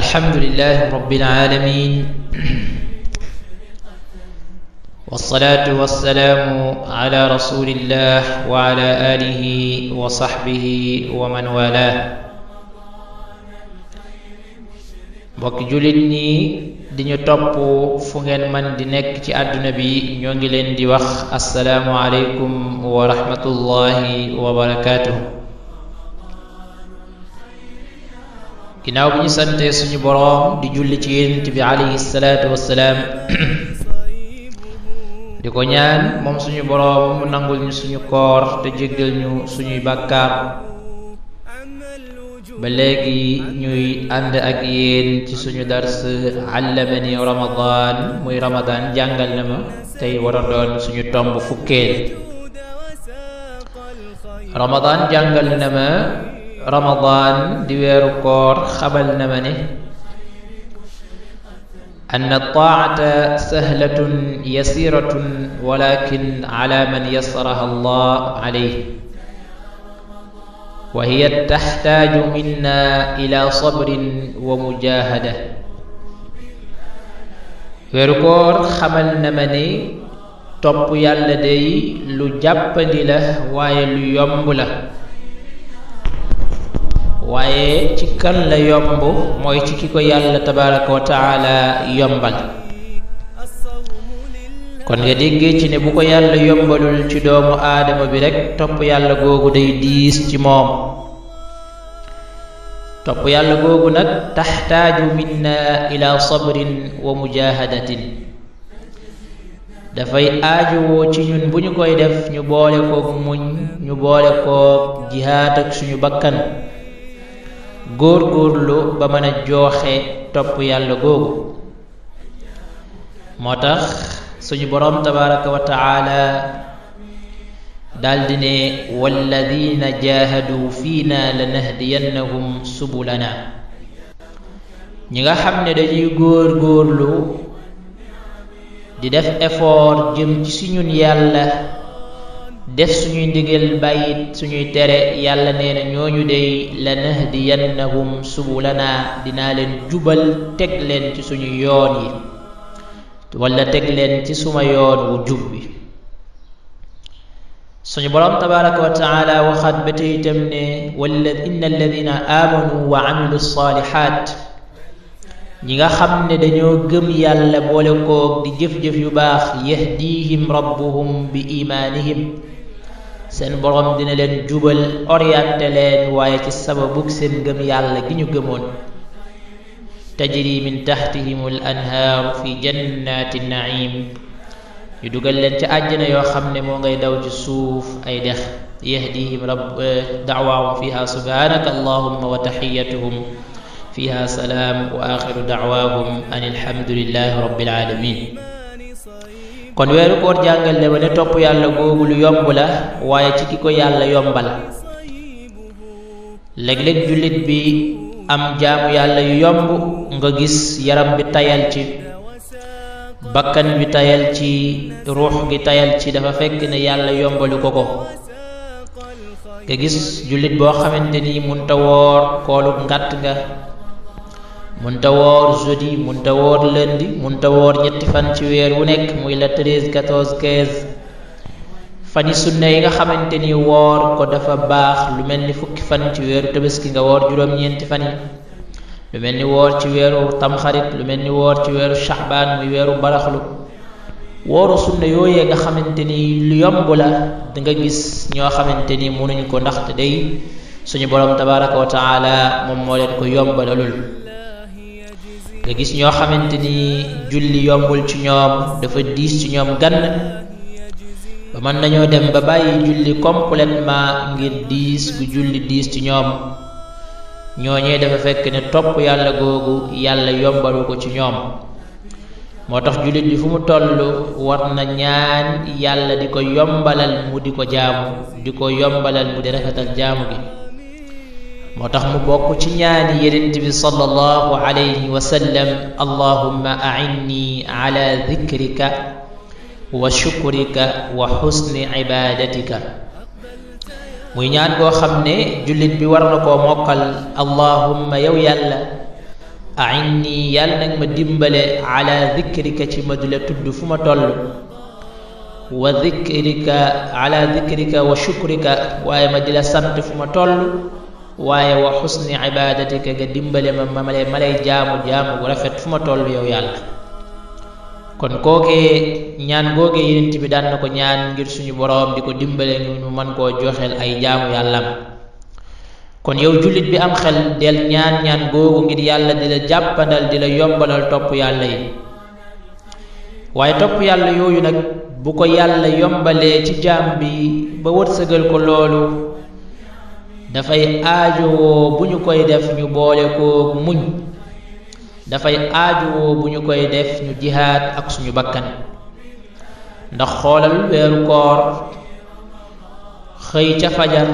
الحمد لله رب العالمين والصلاة والسلام على رسول الله وعلى آله وصحبه ومن والاه mbokki jullit ñi di ñu topp fu ngeen man di nekk ci àdduna bi ñoo ngi leen di wax asalaamu aleykum wa rahmatullahi wa barakaatuh ginnaaw bi ñu santee suñu boroom di julli ci yonent bi alayhi salaatu wassalaam di ko ñaan moom suñu boroom mu nangul ñu suñu koor te jéggal ñu suñuy bàkkaar ba léegi ñuy ànd ak yéen ci suñu dars allamani ramadan muy ramadan jàngal na ma tey war doon suñu tomb fukkeel ramadan jàngal na ma ramadaan di weeru koor xamal na ma ne an taacata sahlatun yasiratun walakin ala man yasaraha allah alayh wa hiya taxtaaju minna ila sabrin wa mujahada weeru koor xamal na ma ne topp yàlla day lu jàppandi la waaye lu yomb la waaye ci kan la yomb mooy ci ki ko yàlla tabaraka wa taala yombal kon nga déggee ci ne bu ko yàlla yombalul ci doomu aadama bi rekk topp yàlla googu day diis ci moom topp yàlla googu nag taxtaaju minna ila sabrin wa mujahadatin dafay aajowoo ci ñun bu ñu koy def ñu boole koog muñ ñu boole koog jihaat suñu bakkan góor-góorlu ba mën jooxe topp yàlla googu moo tax suñu boroom tabaraka wa taala daldi ne walladina jaahadu fiina lanahdiyannahum subulana ñi nga xam ne dañuy góor-góorlu di def effort jëm ci suñun yàlla def suñuy ndigal bàyyi suñuy tere yàlla nee na ñooñu dey la nahdiyannahum subulana dinaa leen jubal teg leen ci suñu yoon yi wala teg leen ci suma yoon wu jub bi suñu boroom tabaraka wa taala waxaat ba tey itam ne wala inna alladina aamanu wa amilu saalihaat ñi nga xam ne dañoo gëm yàlla boole koog di jëf-jëf yu baax yahdihim rabbuhum bi imaanihim sen borom dina leen jubal orienté leen waaye ci sababug seen gëm yàlla gi ñu gëmoon tajri min taxtihim al anhaaru fi jannati naim ñu dugal leen ci àjjana yoo xam ne moo ngay daw ci suuf ay dex yahdihim rabb dacwaahum fiha subhanaka allahumma wa taxiyatuhum fiha salaam wa axiru dacwaahum an alhamdulilahi rabbil alamin kon weeru koor jàngal ne ne topp yàlla googu lu yomb la waaye ci ki ko yàlla yombal léeg-léeg jullit bi am jaamu yàlla yu yomb nga gis yaram bi tayal ci bakkan bi tayal ci ruux gi tayal ci dafa fekk ne yàlla yombalu ko ko nga gis jullit boo xamante ni munta woor koolu ngàtt nga munta woor jeudi munta woor mun ta woor ñetti fan ci weer wu nekk muy la treize quatorze quinze fan yi sunna yi nga xamante ni woor ko dafa baax lu mel ni fukki fan ci weeru tabaski nga woor juróom-ñeenti fan yi lu mel ni woor ci weeru tamxarit lu mel ni woor ci weeru shaxbaan muy weeru baraxlu wooru sunna yooyee nga xamante ni lu yomb la danga gis ñoo xamante ni mënuñ ko ndax te day suñu borom tabaraka wa moom moo leen ko nga gis ñoo xamante ni julli yombul ci ñoom dafa diis ci ñoom gann ba mën nañoo dem ba bàyyi julli complètement ngir diis bu julli diis ci ñoom ñooñee dafa fekk ne topp yàlla googu yàlla yombalu ko ci ñoom moo tax jullit bi fu mu toll war na ñaan yàlla di ko yombalal mu di ko jaamu di ko yombalal mu di rafetal jaamu gi moo tax mu bokk ci ñaani yonent bi sallallahu alayhi wa sallam allahumma ainni ala dikrika wa shukrika wa xusni ibadatika muy ñaan koo xam ne jullit bi war na koo mokkal allahumma yow yàlla ainni yàlla nag ma dimbale ala dikrika ci ma di la tudd fu ma toll wa dikrika ala dikrika wa shukrika waaye ma di la sant fu ma toll waaye wa xusni dimbale ma ma lay ma lay jaamu jaamu bu rafet fu ma toll yow yàlla kon kookee ñaan googee yenent bi daan ko ñaan ngir suñu boroom di ko dimbale ñu mën koo joxeel ay jaamu yàllam kon yow jullit bi am xel del ñaan ñaan googu ngir yàlla di la jàppandal di la yombalal topp yàlla yi waaye topp yàlla yooyu nag bu ko yàlla yombalee ci jaam bi ba wërsëgal ko loolu dafay aajowoo bu ñu koy def ñu boole koog muñ dafay aajowoo bu ñu koy def ñu jihaad ak suñu bakkan ndax xoolal weeru koor xëy ca fajar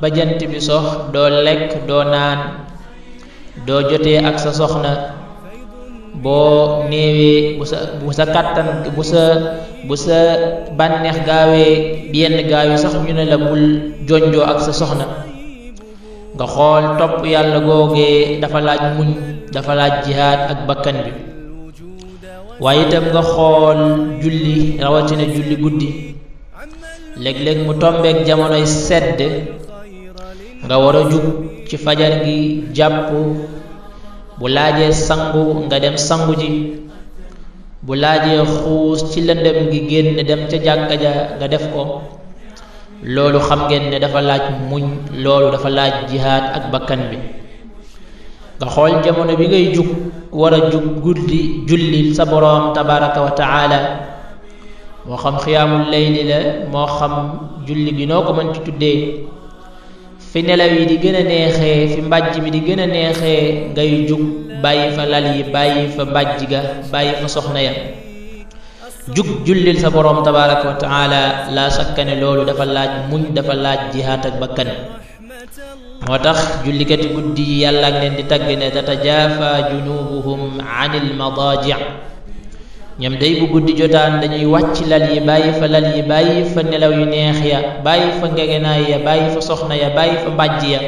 ba jant bi sox doo lekk doo naan doo jotee ak sa soxna boo néewee bu sa bu sa kàttan bu sa bu sa bànneex yenn gaaw yi sax ñu ne la bul jonjoo ak sa soxna nga xool topp yàlla googee dafa laaj muñ dafa laaj jihaad ak bakkan bi waaye itam nga xool julli rawatina julli guddi léeg-léeg mu tombeek jamonoy sedd nga war a jug ci fajar gi jàpp bu laajee sangu nga dem sangu ji bu laajee xuus ci lëndëm gi génn dem ca jàkka ja nga def ko loolu xam ngeen ne dafa laaj muñ loolu dafa laaj jihaad ak bakkan bi nga xool jamono bi ngay jug war a jug guddi julli sa boroom tabaraka wa taala moo xam xiyaamul layli la moo xam julli gi noo ko mën ci tuddee fi nelaw yi di gën a neexee fi mbàjj mi di gën a neexee ngay jug bàyyi fa lal yi bàyyi fa mbàjj ga bàyyi fa soxna ya jug jullil sa boroom tabaraka wa taala laa sakka loolu dafa laaj muñ dafa laaj jihaat ak bakkan moo tax jullikati guddi yi yàlla ak leen di tagg ne tatajaafa junubuhum anil madaaji ñoom day bu guddi jotaan dañuy yi bàyyi fa lal yi bàyyi fa nelaw yu neex ya bàyyi fa ngegenaay ya bàyyi fa soxna ya bàyyi fa mbàjj ya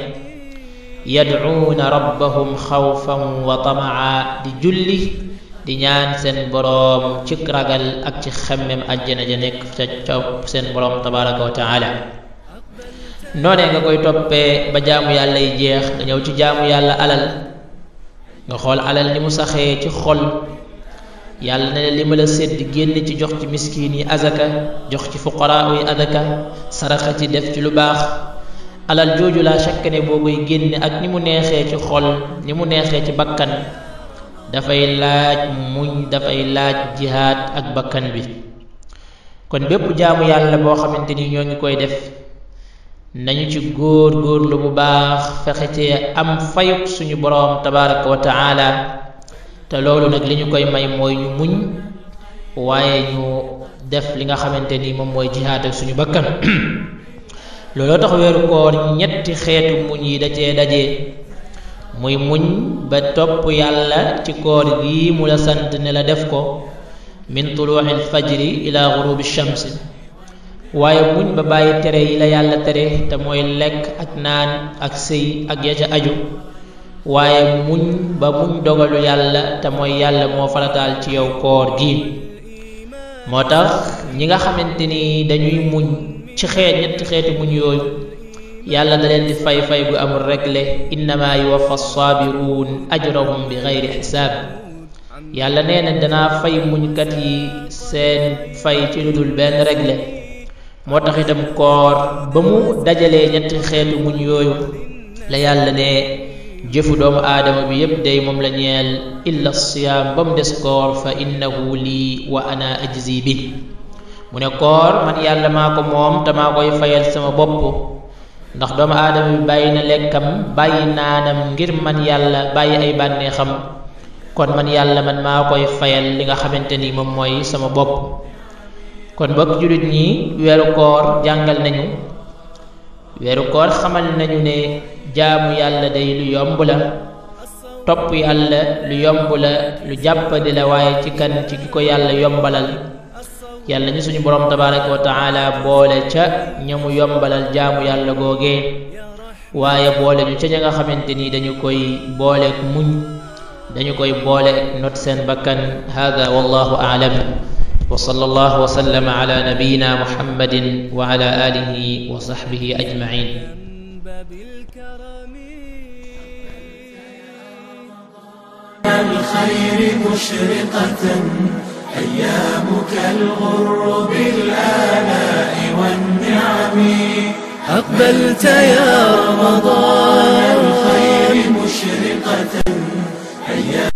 yadcuuna rabbahum xawfan wa tamaa di julli di ñaan seen boroom ci ragal ak ci xemmem àjjana ja nekk ca copp seen boroom tabaraka wa taala noonee nga koy toppee ba jaamu yàlla yi jeex nga ñëw ci jaamu yàlla alal nga xool alal ni mu saxee ci xol yàlla ne li ma la sédd génn ci jox ci miskin yi azaka jox ci fuqaraa yi azaka saraxa ci def ci lu baax alal jooju laa shakk ne boo koy génne ak ni mu neexee ci xol ni mu neexee ci bakkan dafay laaj muñ dafay laaj jihaad ak bakkan bi kon bépp jaamu yàlla boo xamante ni ñoo ngi koy def nañu ci góor góorlu bu baax fexetee am fayuk suñu boroom tabaraka wa taala te loolu nag li ñu koy may mooy ñu muñ waaye ñu def li nga xamante ni moom mooy jihaad ak suñu bakkan looloo tax weeru koor ñetti xeetu muñ yi dajee dajee muy muñ ba topp yàlla ci koor gii mu la sant ne la def ko min tuluuxi alfajri ila gurubi shamsi waaye muñ ba bàyyi tere yi la yàlla tere te mooy lekk ak naan ak sëy ak ya ca aju waaye muñ ba muñ dogalu yàlla te mooy yàlla moo farataal ci yow koor gi moo tax ñi nga xamante ni dañuy muñ ci xeet ñetti xeeti muñ yooyu yàlla da leen di fay fay gu amul regle innama yuwaffa saabiruun ajrahum bi xayri xisaab yàlla nee na dana fay muñkat yi seen fay ci lu dul benn regle moo tax itam koor ba mu dajalee ñetti xeetu muñ yooyu la yàlla ne jëfu doomu aadama bi yépp day moom la ñeel illa siyaam ba mu des koor fa innahu lii wa ana ajzi bi mu ne koor man yàlla maa ko moom te maa koy fayal sama bopp ndax doomu aadama bi bàyyi na lekkam bàyyi naanam ngir man yàlla bàyyi ay bànneexam kon man yàlla man maa koy fayal li nga xamante ni moom mooy sama bopp kon bokk jullit ñi weeru koor jàngal nañu weeru koor xamal nañu ne jaamu yàlla day lu yomb la topp yàlla lu yomb la lu jàppandi la waaye ci kan ci ki ko yàlla yombalal yàlla ñu suñu borom tabaraka wa taala boole ca ñamu yombalal jaamu yàlla googee waaye boole ñu ca ña nga xamante ni dañu koy booleek muñ dañu koy booleek not seen bakkan hada wallahu aalam wa sallallahu wa sallama ala nabiyina muhammadin wa ala alihi wa sahbihi ajmain بالخير مشرقة أيامك الغر بالآلاء والنعم أقبلت يا رمضان الخير مشرقة أيام